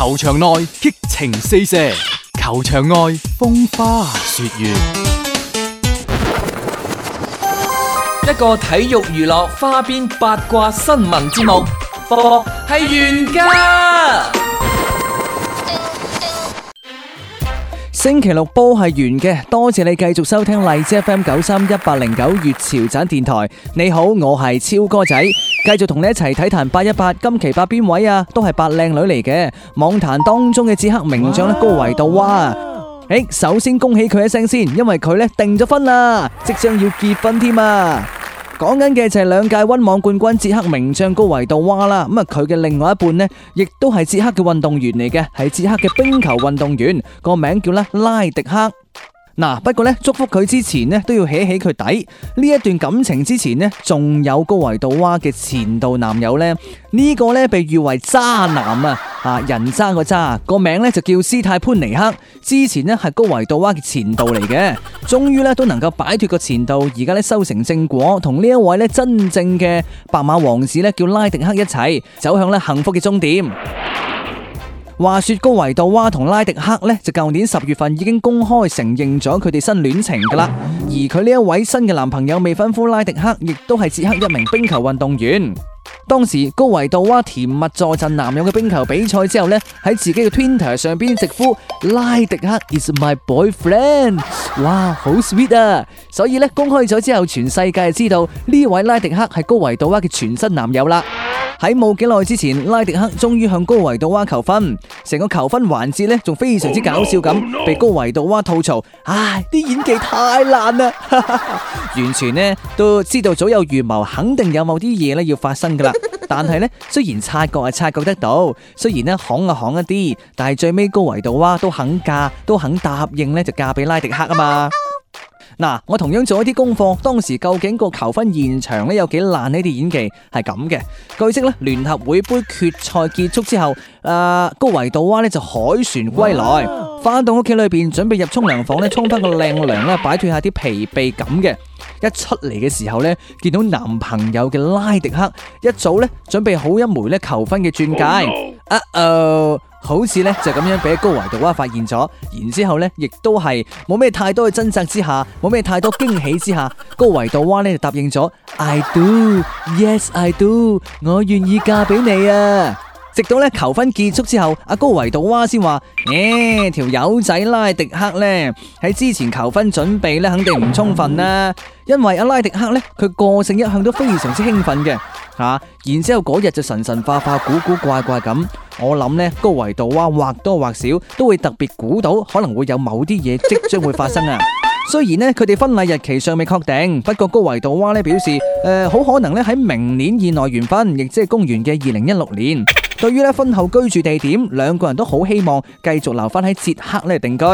球場內激情四射，球場外風花雪月。一個體育娛樂花邊八卦新聞節目，波係完噶。 星期六波係完嘅，多謝你繼續收聽荔枝 FM 九三一八零九粵潮盞電台。你好，我係超哥仔。繼續同你一齊睇壇八一八，今期八邊位啊，都係八靚女嚟嘅網壇當中嘅捷克名將咧，高維杜娃。誒，首先恭喜佢一聲先，因為佢咧訂咗婚啦，即將要結婚添啊。講緊嘅就係兩屆温網冠軍捷克名將高維杜娃啦。咁啊，佢嘅另外一半呢，亦都係捷克嘅運動員嚟嘅，係捷克嘅冰球運動員，個名叫咧拉迪克。嗱、啊，不過咧，祝福佢之前咧都要起起佢底。呢一段感情之前咧，仲有高維杜娃嘅前度男友咧，這個、呢個咧被譽為渣男啊！啊，人渣個渣，個名咧就叫斯泰潘尼克，之前咧係高維杜娃嘅前度嚟嘅，終於咧都能夠擺脫個前度，而家咧收成正果，同呢一位咧真正嘅白馬王子咧叫拉迪克一齊，走向咧幸福嘅終點。話說高維杜娃同拉迪克咧，就舊年十月份已經公開承認咗佢哋新戀情噶啦。而佢呢一位新嘅男朋友未婚夫拉迪克，亦都係捷克一名冰球運動員。當時高維杜娃甜蜜助陣男友嘅冰球比賽之後呢，喺自己嘅 Twitter 上邊直呼拉迪克 is my boyfriend，哇，好 sweet 啊！所以呢，公開咗之後，全世界就知道呢位拉迪克係高維杜娃嘅全新男友啦。喺冇幾耐之前，拉迪克終於向高維杜娃求婚，成個求婚環節咧，仲非常之搞笑咁。Oh no, oh no. 被高維杜娃吐槽：唉，啲演技太爛啦， 完全呢，都知道早有預謀，肯定有某啲嘢咧要發生噶啦。但係呢，雖然察覺啊察覺得到，雖然呢，抗啊抗一啲，但係最尾高維杜娃都肯嫁，都肯答應咧就嫁俾拉迪克啊嘛。嗱、啊，我同樣做一啲功課，當時究竟個求婚現場咧有幾爛？呢啲演技係咁嘅。據悉咧，聯合會杯決賽結束之後，誒、呃、科維托娃咧就凱旋歸來，翻到屋企裏邊準備入沖涼房咧，沖翻個靚涼咧，擺脫下啲疲憊感嘅。一出嚟嘅時候咧，見到男朋友嘅拉迪克一早咧準備好一枚咧求婚嘅鑽戒，啊哦、oh no. uh！Oh. 好似咧就咁樣俾高維杜娃發現咗，然之後咧亦都係冇咩太多嘅掙扎之下，冇咩太多驚喜之下，高維杜娃咧就答應咗，I do, yes I do，我願意嫁俾你啊！直到咧求婚結束之後，阿高維杜娃先話：誒，條友仔拉迪克咧喺之前求婚準備咧肯定唔充分啦，因為阿拉迪克咧佢個性一向都非常之興奮嘅。啊！然之後嗰日就神神化化、古古怪怪咁，我諗咧科維托娃或多或少都會特別估到，可能會有某啲嘢即將會發生啊！ 雖然咧佢哋婚禮日期尚未確定，不過科維托娃咧表示，誒、呃、好可能咧喺明年以內完婚，亦即係公元嘅二零一六年。 對於咧婚後居住地點，兩個人都好希望繼續留翻喺捷克咧定居。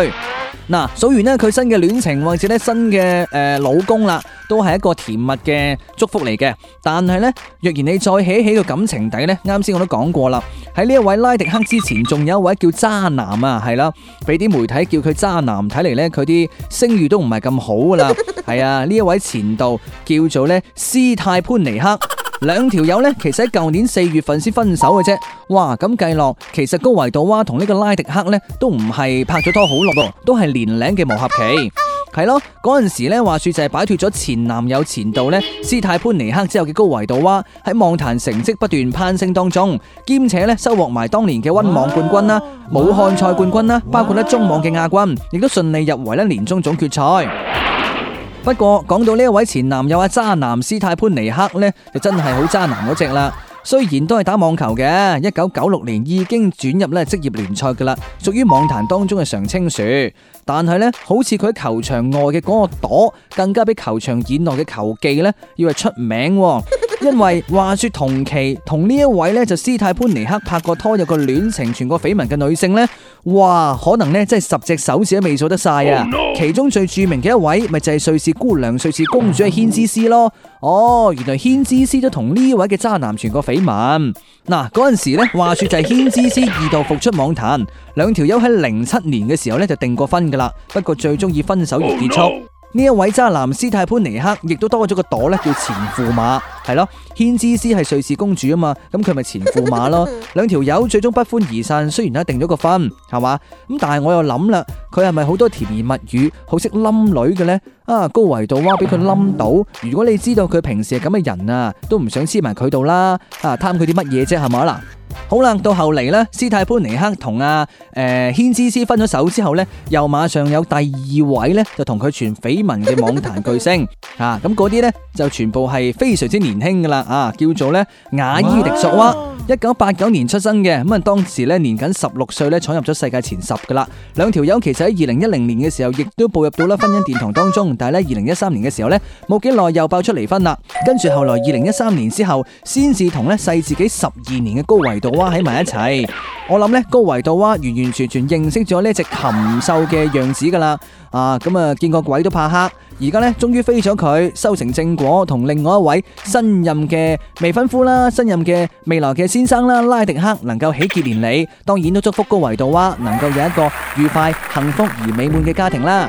嗱、啊，數完咧佢新嘅戀情或者咧新嘅誒、呃、老公啦，都係一個甜蜜嘅祝福嚟嘅。但係呢，若然你再起起個感情底呢，啱先我都講過啦，喺呢一位拉迪克之前，仲有一位叫渣男啊，係啦，俾啲媒體叫佢渣男，睇嚟呢，佢啲聲譽都唔係咁好噶啦。係啊， 呢一位前度叫做呢斯泰潘尼克。兩條友咧，其實喺舊年四月份先分手嘅啫。哇，咁計落，其實高維度娃同呢個拉迪克咧都唔係拍咗拖好耐喎，都係年齡嘅磨合期。係咯，嗰陣時咧，話說就係擺脱咗前男友前度咧斯泰潘尼克之後嘅高維度娃，喺網壇成績不斷攀升當中，兼且咧收穫埋當年嘅溫網冠軍啦、武漢賽冠軍啦，包括咧中網嘅亞軍，亦都順利入圍咧年終總決賽。不過講到呢一位前男友阿渣男斯泰潘尼克呢，就真係好渣男嗰隻啦。雖然都係打網球嘅，一九九六年已經轉入呢職業聯賽噶啦，屬於網壇當中嘅常青樹。但係呢，好似佢喺球場外嘅嗰個朵，更加比球場以內嘅球技呢，要係出名。因為話說同期同呢一位呢，就斯泰潘尼克拍過拖，有個戀情傳過緋聞嘅女性呢。哇，可能呢真係十隻手指都未數得晒啊！Oh、no. 其中最著名嘅一位咪就係瑞士姑娘、瑞士公主啊，軒芝絲咯。哦，原來軒芝絲都同呢位嘅渣男傳過緋聞。嗱，嗰陣時呢話說就係軒芝絲二度復出網壇，兩條友喺零七年嘅時候呢就定過婚噶啦，不過最終以分手而結束。呢、oh、no. 一位渣男斯泰潘尼克，亦都多咗個朵呢，叫前駙馬。係咯，軒芝絲係瑞士公主啊嘛，咁佢咪前駙馬咯。兩條友最終不歡而散，雖然咧定咗個婚，係嘛，咁但係我又諗啦，佢係咪好多甜言蜜語，好識冧女嘅呢？啊，高維度哇，俾佢冧到。如果你知道佢平時係咁嘅人啊，都唔想黐埋佢度啦。啊，貪佢啲乜嘢啫，係嘛啦？好、嗯、啦，到後嚟呢，斯泰潘尼克同啊誒軒芝絲分咗手之後呢，又馬上有第二位呢，就同佢傳緋聞嘅網壇巨星啊，咁嗰啲呢，就全部係非常之年年輕噶啦，啊，叫做咧瓦伊迪索娃，一九八九年出生嘅。咁啊當時咧年僅十六歲咧闖入咗世界前十噶啦，兩條友其實喺二零一零年嘅時候亦都步入到啦婚姻殿堂當中，但係咧二零一三年嘅時候咧冇幾耐又爆出離婚啦，跟住後來二零一三年之後，先至同咧細自己十二年嘅科維托娃喺埋一齊。我諗咧科維托娃完完全全認識咗呢一隻禽獸嘅樣子噶啦，啊咁啊見個鬼都怕黑。而家咧，終於飛咗佢，修成正果，同另外一位新任嘅未婚夫啦，新任嘅未來嘅先生啦，拉迪克能夠喜結連理，當然都祝福高維托娃能夠有一個愉快、幸福而美滿嘅家庭啦。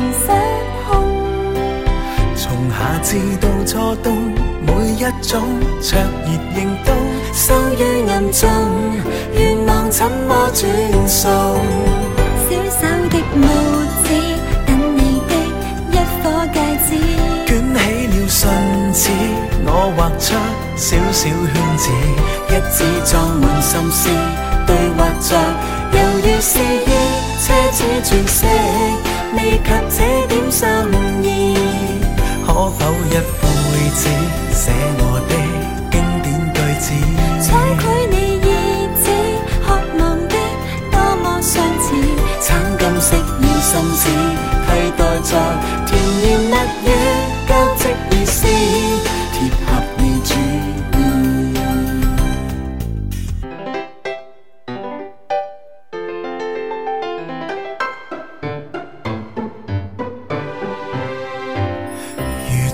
自到初冬，每一種灼熱仍都收於暗中，願望怎麼轉送？小手的拇指，等你的一顆戒指，捲起了信紙，我畫出小小圈子，一指裝滿心思，對畫着猶豫是。賭一輩子寫我的經典句子，採繪你意志渴望的多麼相似，產金色要心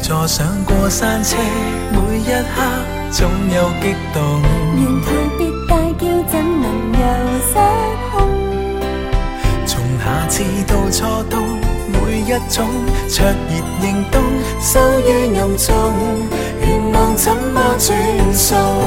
坐上過山車，每一刻總有激動。沿途特別大叫，怎能有失控？從夏至到初冬，每一種灼熱凝凍，收於暗中。願望怎麼轉手？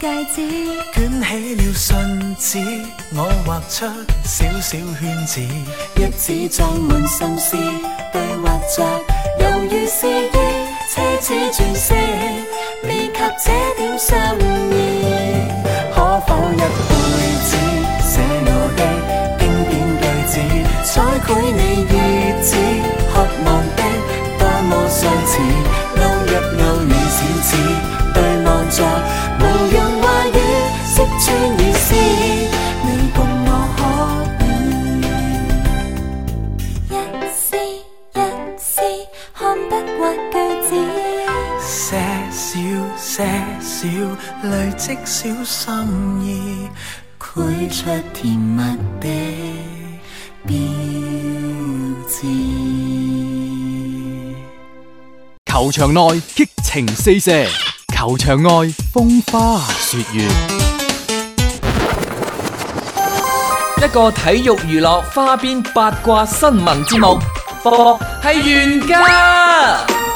戒指捲起了信紙，我畫出小小圈子，日子裝滿心思，對畫着猶如詩意，奢侈鑽石未及這點心意。 可否一輩子寫我的經典句子，彩繪你日子，渴望的多麼相似。累積小心意，繪出甜蜜的標誌。球場內激情四射，球場外風花雪月。一個體育娛樂花邊八卦新聞節目，播係原家。